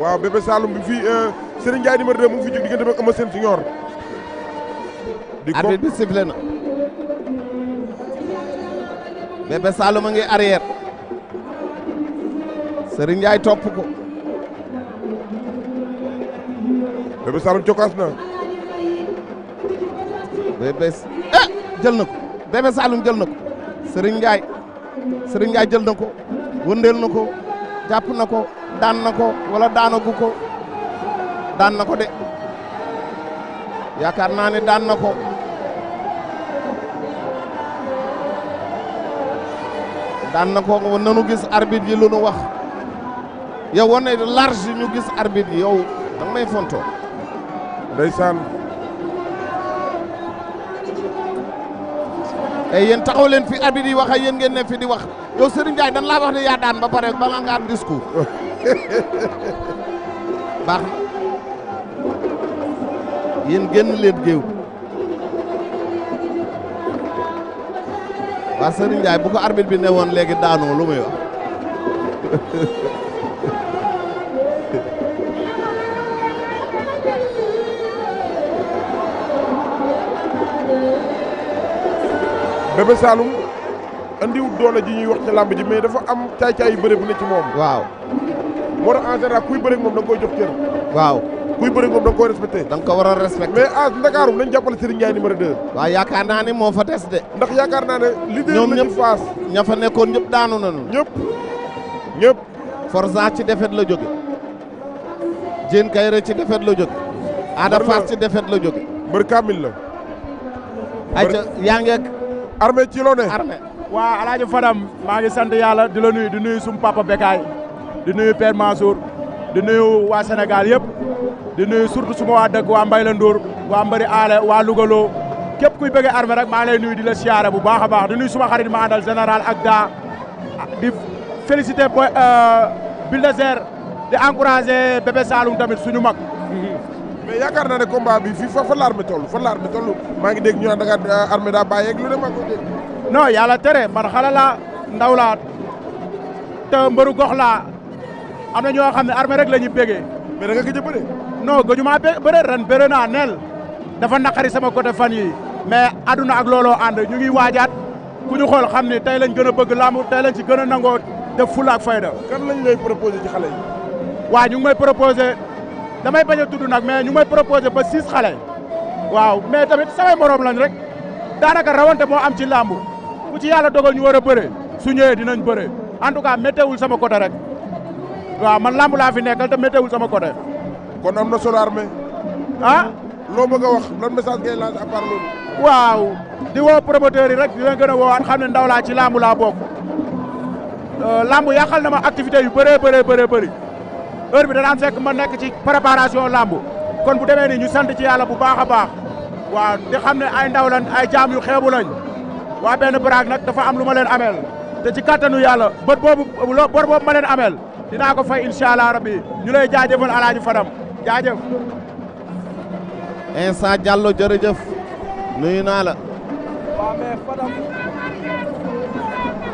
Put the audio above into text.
waaw Bébé Saloum bi fi euh, Serigne Ndiaye numéro 2 ngi fi jug diggante ak Eumeu Sène Junior. bi sifflé na. Bébé Saloum ngi arrière. Serigne Ndiaye topp ko. Bébé Saloum na. Bébé eh jël na ko Bébé Saloum jël na ko Serigne Ndiaye ko. daan na ko wala daanagu ko daan na ko de yaakaar naa ne daan na ko daan na ko nanu gis arbitre yi lu wax yow wane large ñu gis arbitre yi yow danga may fontoo ndeysaan ay eh, yéen taxaw leen fi arbitre yi wax ak yéen ngeen ne fi di wax yow Serigne Ndiaye dan laa wax ne yaa daan ba pare bala nga am baax na yéen génn leen géew waa Serigne Ndiaye bu ko bi ne woon léegi daanoo lu muy wax Bébé Saloum andiwut doole ji ñuy wax ci làmb ji dafa am caay-caay yu bëre bu ne ci moom waaw moo tax en kuy bëri moom da nga koy jox cër waaw kuy bëri moom da nga koy respecté da nga ko war a respecté mais ah Ndakaaru nañ jàppale Serigne Ndiaye yaakaar naa ne moo fa des de ndax yaakaar naa ne leader ñoom ñëpp faas ña fa nekkoon ñëpp daanu nañu ñëpp ñëpp Forza ci defet la jóge Diène Kaïré ci defet la jóge Ada Fass defet la jóge mbër Kamil la ayca yaa ngi ak armée ci loo ne armée waaw Alaaji Fadam maa ngi sant yàlla di la nuyu di nuyu sumu papa Bekaay di nuyu Père Mansour di nuyu waa Sénégal yëpp di nuyu surtout suma waa dëkk waa Mbayla Ndour waa Mbari Aale waa Lougaloo képp kuy bëggee armée rek maa lay nuyu di la siyaare bu baax a baax di nuyu suma xarit ma àndal général ak daa di félicité euh, boy di encouragé Bébé Saloum tamit suñu mag. mais yaakaar naa ne ko bi fii fa fa l'armée toll fa l'armée toll maa ngi dégg ñu naan nga euh, armée daa bàyyeeg lu ne maa ko dégg. non yàlla tere man xale laa ndaw am na ñoo xam ne armée rek la ñuy bégee. mais a bëre. non gëju maa bëre ren bëre naa neel dafa naqari sama côté fan yi mais aduna ak looloo ànd ñu ngi waajaat ku ñu xool xam ni tey lañ gën a bëgg làmb tey lañ ci gën a nangoo def fulla ak fayda. kan lañ lay proposé ci xale yi. waaw ñu ngi may proposé damay bañ a tudd nag mais ñu ngi may proposé ba six xale. waaw mais tamit samay moroom lañ rek daanaka rawonte moo am ci làmb ku ci yàlla dogal ñu war a bëre su ñëwee dinañ bëre en tout cas méttewul sama côté rek. waaw man lamb laa fi nekkal te météwul sama côté. kon am na solo armé. ah. loo bëgg a wax lan message ngay lancé à part waaw di woo promoteurs yi rek di leen gën a woowaat xam ne ndaw laa ci lamb laa bokk. Euh, lamb yàqal na ma activité yu bëree bëree bëree bëri heure bi danaan fekk ma nekk ci préparation lamb kon bu demee ni ñu sant ci yàlla bu baax a baax waa di xam ne ay ndaw lañ ay jaam yu xeebu lañ waa benn baraag nag dafa am lu ma leen ameel te ci kattanu yàlla bët boobu bor boobu ameel dinaa ko fay incha allah rabbi ñu lay jaajëfal alaaji Fadam jaajëf. Insa Diallo jërëjëf nuyu naa la. Fadam.